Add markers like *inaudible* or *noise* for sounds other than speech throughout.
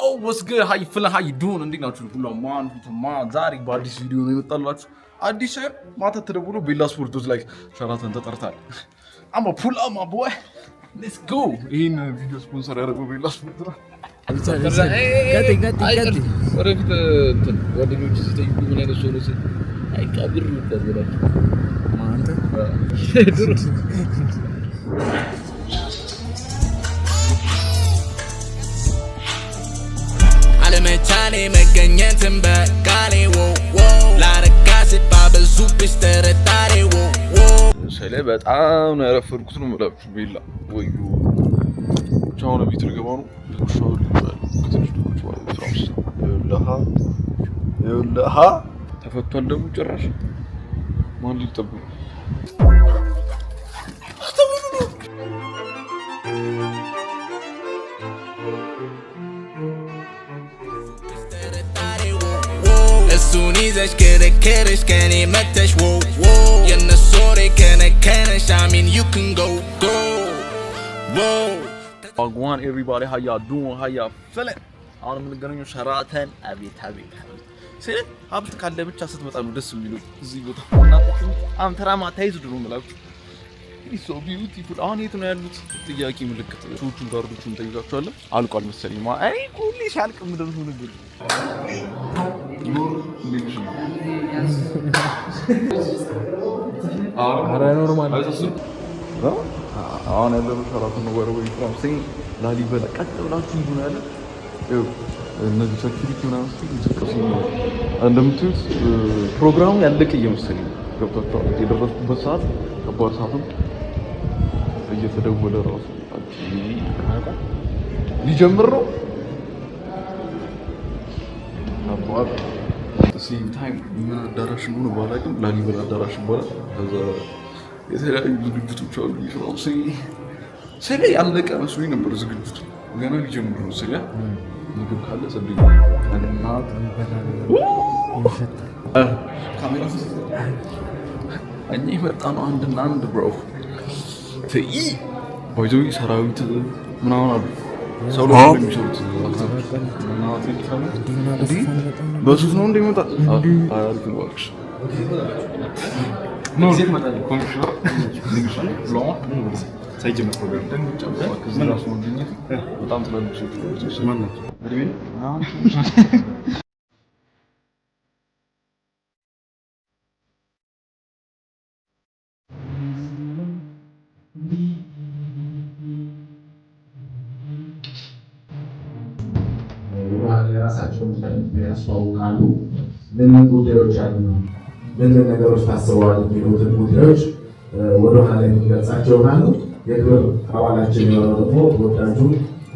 Yo, what's good? How you feeling? How you doing? እንዴት ናችሁ? ሁላማን ፊትማ ዛሬ በአዲስ ቪዲዮ ነው የመጣላችሁ። አዲስ ማታ ተደውሎ ቤላ ስፖርቶች ላይ ሸራተን ተጠርታል። አማ ፑል አማ ቦይ ሌትስ ጎ። ይህን ቪዲዮ ስፖንሰር ያደረገው ቤላ ስፖርት ነው። ወደፊት ጓደኞች ሲጠይቁ ምን አይነት ሰው ነው ሲል አይቃብር ምታዘላቸው አለመቻሌ መገኘትን በቃሌ ላረጋ ስባ በዙብሽ ተረዳሬ ሰሌ በጣም ነው ያረፈድኩት ነው የምላችሁ። ቤላ ወዩ ብቻ ቤት ልገባ ነው ተፈቷል። ደግሞ ጭራሽ ማን ሊጠብቅ ينسونيش كده كرش كاني متش وو وو ينسوري كان كانش I mean you can go go whoa Wagwan everybody how y'all doing how y'all feeling አሁን የምንገናኘው ሸራተን አቤት አቤት ሴት ሀብት ካለ ብቻ ስትመጣ ነው ደስ የሚሉ እዚህ ቦታ አምተራማ ተይዝ ድሮ ምላችሁ ሶ ቢዩቲፉል አሁን የት ነው ያሉት? ጥያቄ ምልክት ቹቹን ጋርዶቹን ጠይቃቸዋለን። አልቋል መሰለኝ ማ አይ ኩሊ ሻልቅ ምድር ሁሉ ኖርማል አሁን ያለነው ሸራተን ነው። ወረወ ፍራምሴ ላሊበላ ቀጥ ብላችሁ እንዱን ያለ እነዚህ ሴኪሪቲ ምናምን ስትቀሱ እንደምትዩት ፕሮግራሙ ያለቀ እየመሰለኝ ገብቷቸዋል። የደረስኩበት ሰዓት ከባድ ሰዓትም እየተደወለ ራሱ ሊጀምር ነው። ከባድ ሴም ታይም ምን አዳራሽ እንደሆነ ባላውቅም ላሊበላ አዳራሽ ይባላል። ከዛ የተለያዩ ዝግጅቶች አሉ። ይስራው ስለ ያለቀ መስሎኝ ነበር ዝግጅቱ ገና ሊጀምር ነው። ስለ ምግብ ካለ ሰብኝ እኛ የመጣ ነው አንድና አንድ ብሮ ባይዘዊ ሰራዊት ምናምን አሉ ሰው ነው የሚሰሩት። ነው እንደሚመጣ ያስተዋውቃሉ። ለምን ጉዳዮች አሉ፣ ለምን ነገሮች ታስበዋል የሚሉትን ጉዳዮች ወደኋላ ላይ የሚገልጻቸው ናሉ። የክብር አባላችን የሆነው ደግሞ ተወዳጁ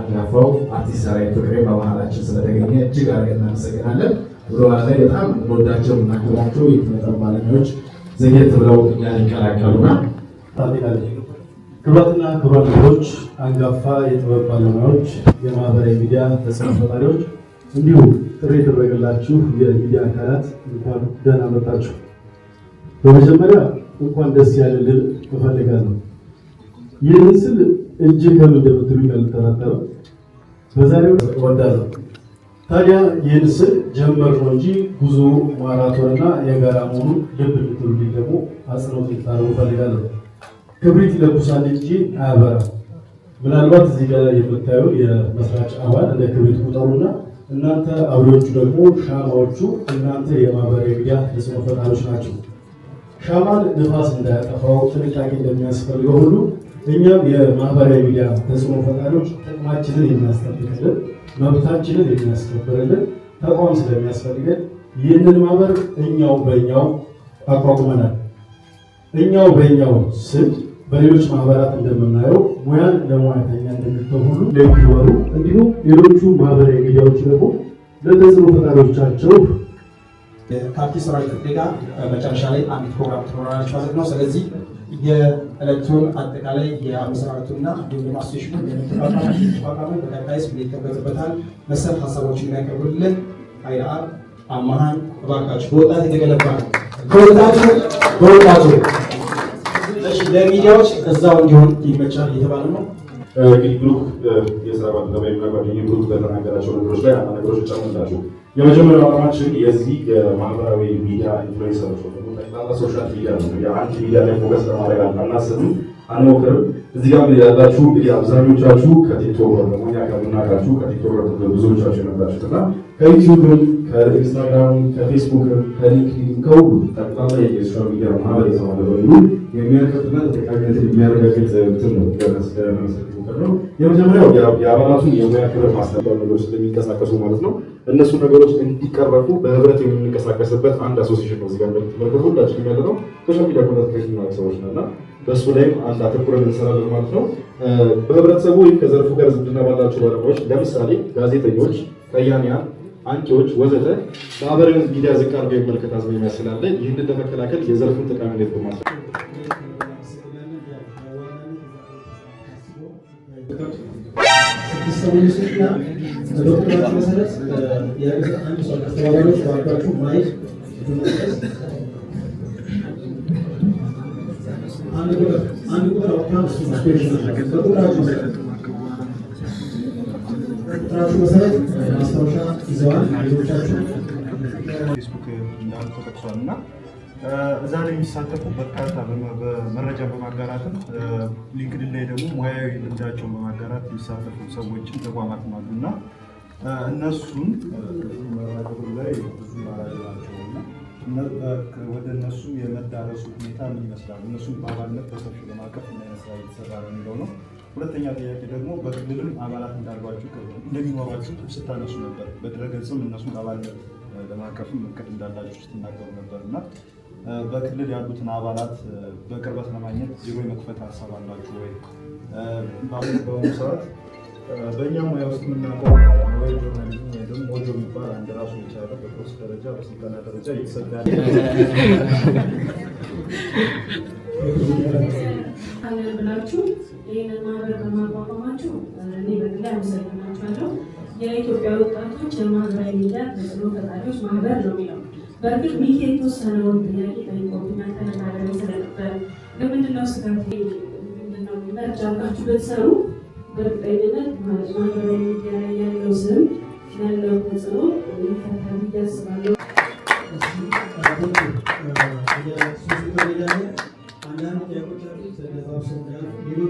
አንጋፋው አርቲስት ሰራዊት ፍቅሬ በባህላችን ስለተገኘ እጅግ አድርገን እናመሰግናለን። ወደኋላ ላይ በጣም ወዳቸው የምናክብራቸው የኪነጥበብ ባለሙያዎች ዘጌት ብለው እኛ ይቀላቀሉና ክብራትና ክብራት ልጆች፣ አንጋፋ የጥበብ ባለሙያዎች፣ የማህበራዊ ሚዲያ ተጽዕኖ ፈጣሪዎች እንዲሁም ጥሪ የተደረገላችሁ የሚዲያ አካላት እንኳን ደህና መጣችሁ። በመጀመሪያ እንኳን ደስ ያለ ልል እፈልጋለሁ። ይህን ስል እጅግ ከምን እንደምትሉኝ አልጠራጠርም። በዛሬው እወዳለሁ። ታዲያ ይህን ስል ጀመር ነው እንጂ ጉዞ ማራቶንና የጋራ መሆኑን ልብ እንድትሉልኝ ደግሞ አጽንኦት ልታደርጉ እፈልጋለሁ። ክብሪት ለኩሳን እንጂ አያበራም። ምናልባት እዚህ ጋር የምታየው የመስራች አባል እንደ ክብሪት ቁጠሩና እናንተ አብሬዎቹ ደግሞ ሻማዎቹ እናንተ የማህበራዊ ሚዲያ ተጽዕኖ ፈጣሪዎች ናቸው። ሻማን ንፋስ እንዳያጠፋው ጥንቃቄ እንደሚያስፈልገው ሁሉ እኛም የማህበራዊ ሚዲያ ተጽዕኖ ፈጣሪዎች ጥቅማችንን የሚያስጠብቅልን መብታችንን የሚያስከብርልን ተቋም ስለሚያስፈልገን ይህንን ማህበር እኛው በእኛው አቋቁመናል። እኛው በእኛው ስል በሌሎች ማህበራት እንደምናየው ሙያን ለሙያተኛ እንደሚተው ሁሉ ለሚኖሩ እንዲሁም ሌሎቹ ማህበራዊ ሚዲያዎች ደግሞ ለተጽዕኖ ፈጣሪዎቻቸው ከአርቲስት ሰራዊት ግዴታ መጨረሻ ላይ አንድ ፕሮግራም ትኖራለች ማለት ነው። ስለዚህ የዕለቱን አጠቃላይ የአመሰራቱና እንዲሁም አሶሽኑ የሚተቋቋሚ በቀጣይ ስም ይጠበቅበታል መሰል ሀሳቦችን የሚያቀርቡልን አይረአል አማሃን እባካችሁ በወጣት የተገለባ ነው። በወጣቱ በወጣቱ ለሌሎች ለሚዲያዎች ከዛው እንዲሆን ይመቻል እየተባለ ነው። እንግዲህ ብሩክ የስራ ባልደረባ እና ብሩክ በተናገራቸው ነገሮች ላይ አንዳንድ ነገሮች ጨምርላችሁ። የመጀመሪያው አላማችን የዚህ የማህበራዊ ሚዲያ ኢንፍሉዌንሰሮች ጠቅላላ ሶሻል ሚዲያ ነው። የአንድ ሚዲያ ላይ ፎከስ ለማድረግ አናስብም፣ አንሞክርም። እዚህ ጋር ያላችሁ እንግዲህ አብዛኞቻችሁ ከቲክቶክ በሞኛ ከምናውቃችሁ ከቲክቶክ ብዙዎቻችሁ የመጣችሁት እና ከዩቲዩብም ከኢንስታግራምም ከፌስቡክም ከሊንክዲን ከሁሉ ጠቅላላ የሶሻል ሚዲያ ማህበር የተባለ በሙሉ የሚያረጋግጥና ተጠቃሚነት የሚያረጋግጥ ትር ነው የመጀመሪያው የአባላቱን የሙያ ክብር ማስተባበር ነገሮች ስለሚንቀሳቀሱ ማለት ነው። እነሱ ነገሮች እንዲቀረፉ በህብረት የምንንቀሳቀስበት አንድ አሶሲሽን ነው። እዚጋ እንደምትመለከቱ ሁላችንም ያለ ነው ሶሻል ሚዲያ ኮሚኒኬሽን ሰዎች ነና በእሱ ላይም አንድ አተኩረን እንሰራለን ማለት ነው። በህብረተሰቡ ወይም ከዘርፉ ጋር ዝምድና ባላቸው ባለሙያዎች ለምሳሌ ጋዜጠኞች፣ ከያንያን አንቂዎች ወዘተ በአበረን ሚዲያ ዝቅ አድርጎ የመልከት አዝማሚያ ይመስላል። ይህንን ለመከላከል የዘርፉን ጠቃሚነት በማስ አንድ ቁጥር ጥራቱ መሰረት ማስታወሻ ይዘዋል። ሌሎቻችሁ ፌስቡክ እንዳሉ ተጠቅሷል እና እዛ ላይ የሚሳተፉ በርካታ መረጃ በማጋራትም ሊንክድን ላይ ደግሞ ሙያዊ ልምዳቸውን በማጋራት የሚሳተፉ ሰዎችን ተቋማት አሉ እና እነሱን ላይ ብዙ ወደ እነሱ የመዳረሱ ሁኔታ ምን ይመስላል? እነሱን በአባልነት በሰፊ ለማቀፍ ምን አይነት ስራ እየተሰራ ነው የሚለው ነው። ሁለተኛ ጥያቄ ደግሞ በክልልም አባላት እንዳሏችሁ እንደሚኖሯችሁ ስታነሱ ነበር። በድረገጽም እነሱን አባል ለማቀፍም እቅድ እንዳላችሁ ስትናገሩ ነበር እና በክልል ያሉትን አባላት በቅርበት ለማግኘት ዜሮ የመክፈት ሀሳብ አላችሁ ወይ? በአሁኑ በአሁኑ ሰዓት በእኛ ሙያ ውስጥ የምናውቀው ወይ ጆርናሊዝም ወይ ደግሞ ሞጆ የሚባል አንድ ራሱ የቻለ በኮርስ ደረጃ በስልጠና ደረጃ እየተሰጠ ያለ ብላችሁ ይህንን ማህበር በማቋቋማቸው እኔ በግሌ አመሰግናቸዋለሁ። የኢትዮጵያ ወጣቶች የማህበራዊ ሚዲያ ተጽዕኖ ፈጣሪዎች ማህበር ነው የሚለው በእርግጥ ሚኪ የተወሰነውን ጥያቄ ጠይቆብኛ ተነጋገር ስለነበር ለምንድነው ስጋት መርጫ አርጋችሁ ብትሰሩ በእርግጠኝነት ማህበራዊ ሚዲያ ላይ ያለው ስም ያለው ተጽዕኖ ይፈታል ብዬ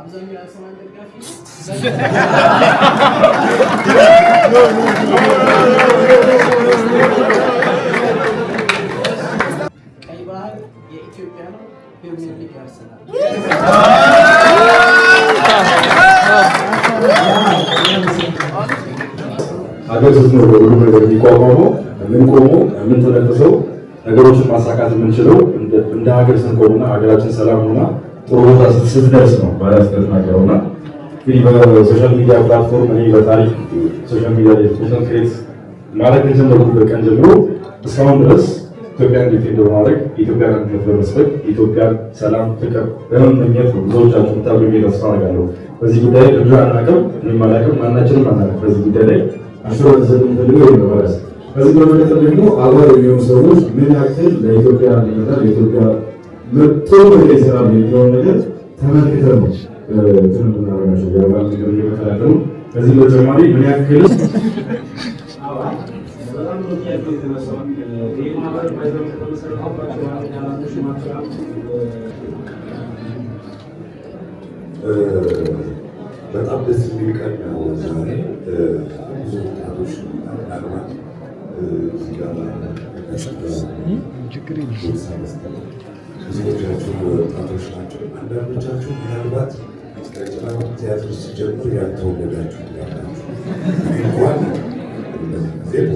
አብዛኛው የአርሰናል ደጋፊ ቀይ ባህር የኢትዮጵያ ነው። ፕሪሚየር ሊግ ያርሰናል ሀገር ስትኖር ነገር የሚቋቋመው የምንቆመው የምንተነፍሰው ነገሮችን ማሳካት የምንችለው እንደ ሀገር ስንቆምና ሀገራችን ሰላም ሆና ጥሩ ቦታ ስትደርስ ነው በእውነት እና እንግዲህ በሶሻል ሚዲያ ፕላትፎርም እኔ በታሪክ ሶሻል ሚዲያ ላይ ኮንተንት ክሬት ማድረግ ከጀመርኩበት ቀን ጀምሮ እስካሁን ድረስ ኢትዮጵያ እንዴት ዲፌንድ በማድረግ ኢትዮጵያን አንድነት በመስበክ ኢትዮጵያን ሰላም፣ ፍቅር በመመኘት ነው ብዙዎቻችሁ ታብሪ ተስፋ አደርጋለሁ። በዚህ ጉዳይ እድር አናውቅም፣ እኔም አላውቅም፣ ማናችንም አናውቅም። በዚህ ጉዳይ ላይ አስሮት ስለምንፈልገው ይነበራል። በዚህ በመቀጠል ደግሞ አባል የሚሆኑ ሰዎች ምን ያክል ለኢትዮጵያ አንድነት ለኢትዮጵያ መጥቶ የሰራ የሚለው ነገር ተመልክተን ነው ትምናረጋቸው ገባ ነገር እየመከላከሉ ከዚህ በተጨማሪ ምን ያክል በጣም ደስ የሚል ቀን ነው ዛሬ። ብዙ ወጣቶች ምናልባት እዚህ ጋር ብዙዎቻችሁ ወጣቶች ናቸው። አንዳንዶቻችሁ ምናልባት ቀጭራ ቲያትር ሲጀምር ያልተወለዳችሁ ያላችሁ እንኳን ዜቦ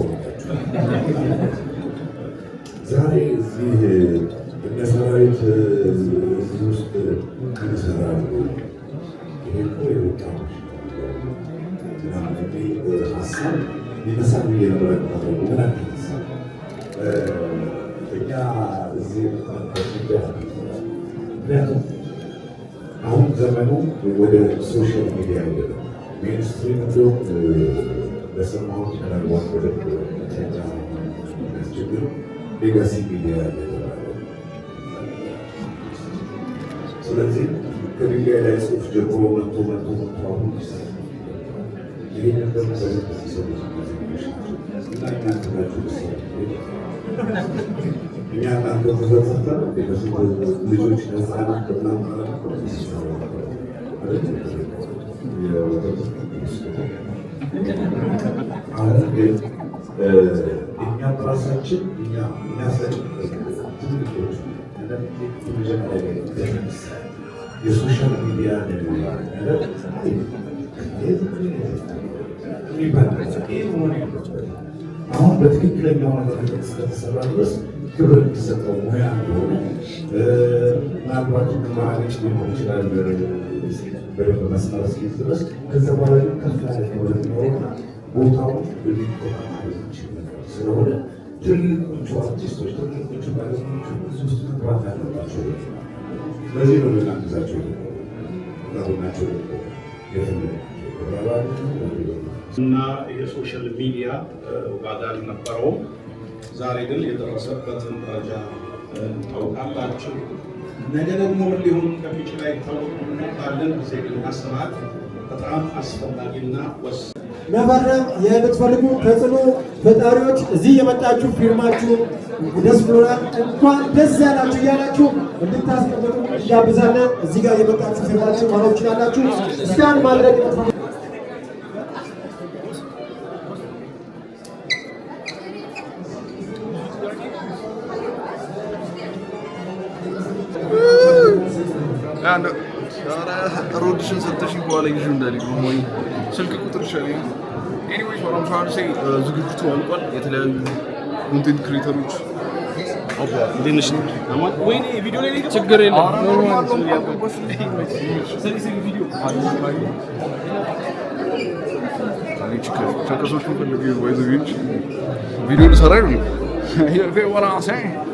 ዛሬ እዚህ እነ ሰራዊት እዚህ ውስጥ ይሰራሉ። ይሄ እኮ የወጣቶች ሀሳብ ይመሳሉ የነበረ ምን ወደ ሶሻል ሚዲያ ሄደ ሜንስትሪም እንደውም በሰማሁት ምናልባት ወደ መጠጫ የሚያስቸግር ሌጋሲ ሚዲያ የተባለ ስለዚህ ከድንጋይ ላይ ጽሑፍ ጀምሮ መቶ መቶ መቶ አሁን ይህንን ደግሞ በደንብ የሚሰሩት እና እናንተ ናችሁ እኛ እናንተ ተሰሰተ ልጆች ነፃናት በጣም Artık bir e, dünya pırasatçı, dünya, dünya saçı Neden bir kulübe hareket edememiz? Yusuşan bir diğer nedeniyle. Ne Hayır. Niye bu konuyu? Ama pratik etkilerini ona kadar sıkıntı sararız. ክብር የሚሰጠው ሙያ እንደሆነ ምናልባት ማለች ሊሆን ይችላል በደንብ መስመር እስኪይዝ ድረስ ከዛ በኋላ ግን ከፍ ያለ ወደሚኖረና ቦታው ሊቆማማለት ይችል ስለሆነ ትልቆቹ አርቲስቶች ትልቆቹ ባለሞቹ ሶስት ግባት አለባቸው። ለዚህ ነው ልናግዛቸው ናቸው እና የሶሻል ሚዲያ ዋጋ አልነበረውም። ዛሬ ግን የደረሰበትን ደረጃ ታውቃላችሁ። ነገ ደግሞ ምን ሊሆን ከሚችል አይታወቅምና ባለን ጊዜ ግን ማሰማት በጣም አስፈላጊና ወሳኝ መፈረም የምትፈልጉ ተጽዕኖ ፈጣሪዎች እዚህ የመጣችሁ ፊርማችሁ ደስ ብሎናል፣ እንኳን ደስ ያላችሁ እያላችሁ እንድታስቀምጡ እያብዛለን። እዚህ ጋር የመጣችሁ ፊርማችሁ ማለት ትችላላችሁ። እስካን ማድረግ ሮድሽን ሰተሽኝ በኋላ ይዤ እንዳልሄድ ወይ ስልክ ቁጥር ዝግጅቱ አልቋል። የተለያዩ ኮንቴንት ክሬተሮች ችግር የለም ቪዲዮ ልሰራ *laughs*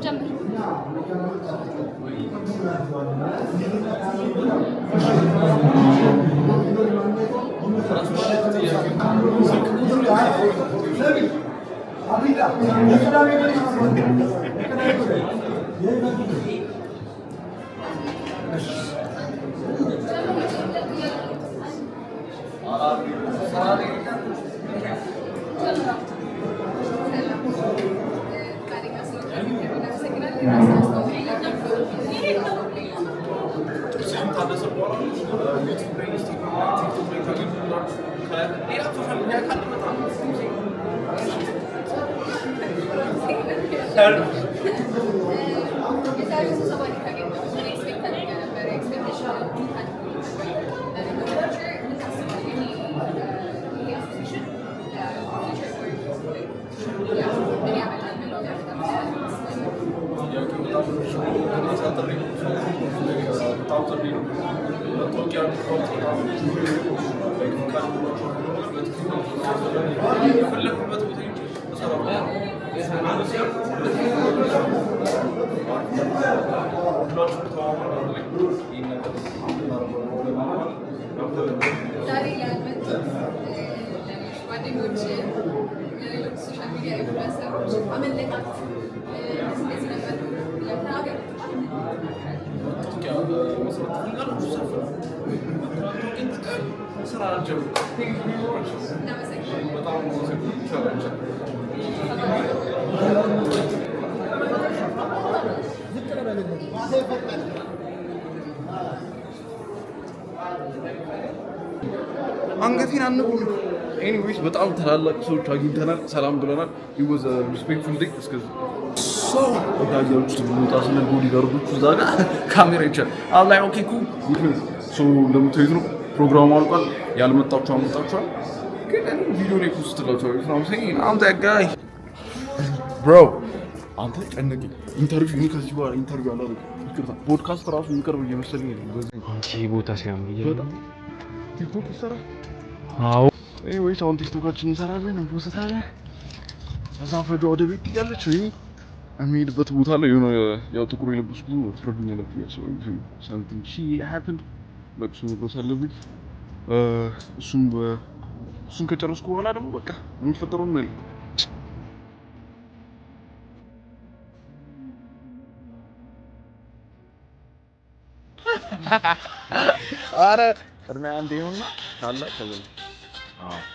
Jump. Você não está s s a b o l Nee, hab verstanden. Ja, kann immer dran. Her... Güzel bir sosa bakıp ekspektasyonu böyle ekspektasyonu ዛሬ ያልመጡት ጓደኞች ሶሻል ሚዲያ ኢንፍሉንሰሮች አመለካት እንደዚህ ነበር። አንገቴን አንቁል። ኤኒዌይስ በጣም ታላላቅ ሰዎች አግኝተናል፣ ሰላም ብለናል። ይወዘ ሪስፔክትፉል ዴይ ሰው ወዳጀር ስለ ጎል እዛ ጋር ካሜራ ይቻል አሁን ላይ ኦኬ ኩ ሰው እንደምታዩት ነው። ፕሮግራሙ አልቋል። ያልመጣችሁ አመጣችኋል። ግን ቪዲዮ ላይ ውስጥ ብሮ አንተ ጨነቀኝ። ኢንተርቪው እኔ ከዚህ በኋላ ኢንተርቪው አላደርግም። ይቅርታ ፖድካስት ራሱ የሚቀርብ እየመሰለኝ ቦታ ሲያም ቲክቶክ ይሰራል። አዎ ወይስ አሁን ቲክቶካችን እንሰራለን። ወደ ቤት ትያለች የሚሄድበት ቦታ ላይ የሆነ ያው ጥቁር የለበስኩ ፍረዱኛል ብያቸው እሱን ከጨረስኩ በኋላ ደግሞ በቃ የሚፈጠረው ነው *laughs* አረ ቅድሚያ አንዴ ይሁንና ካለ ከዘ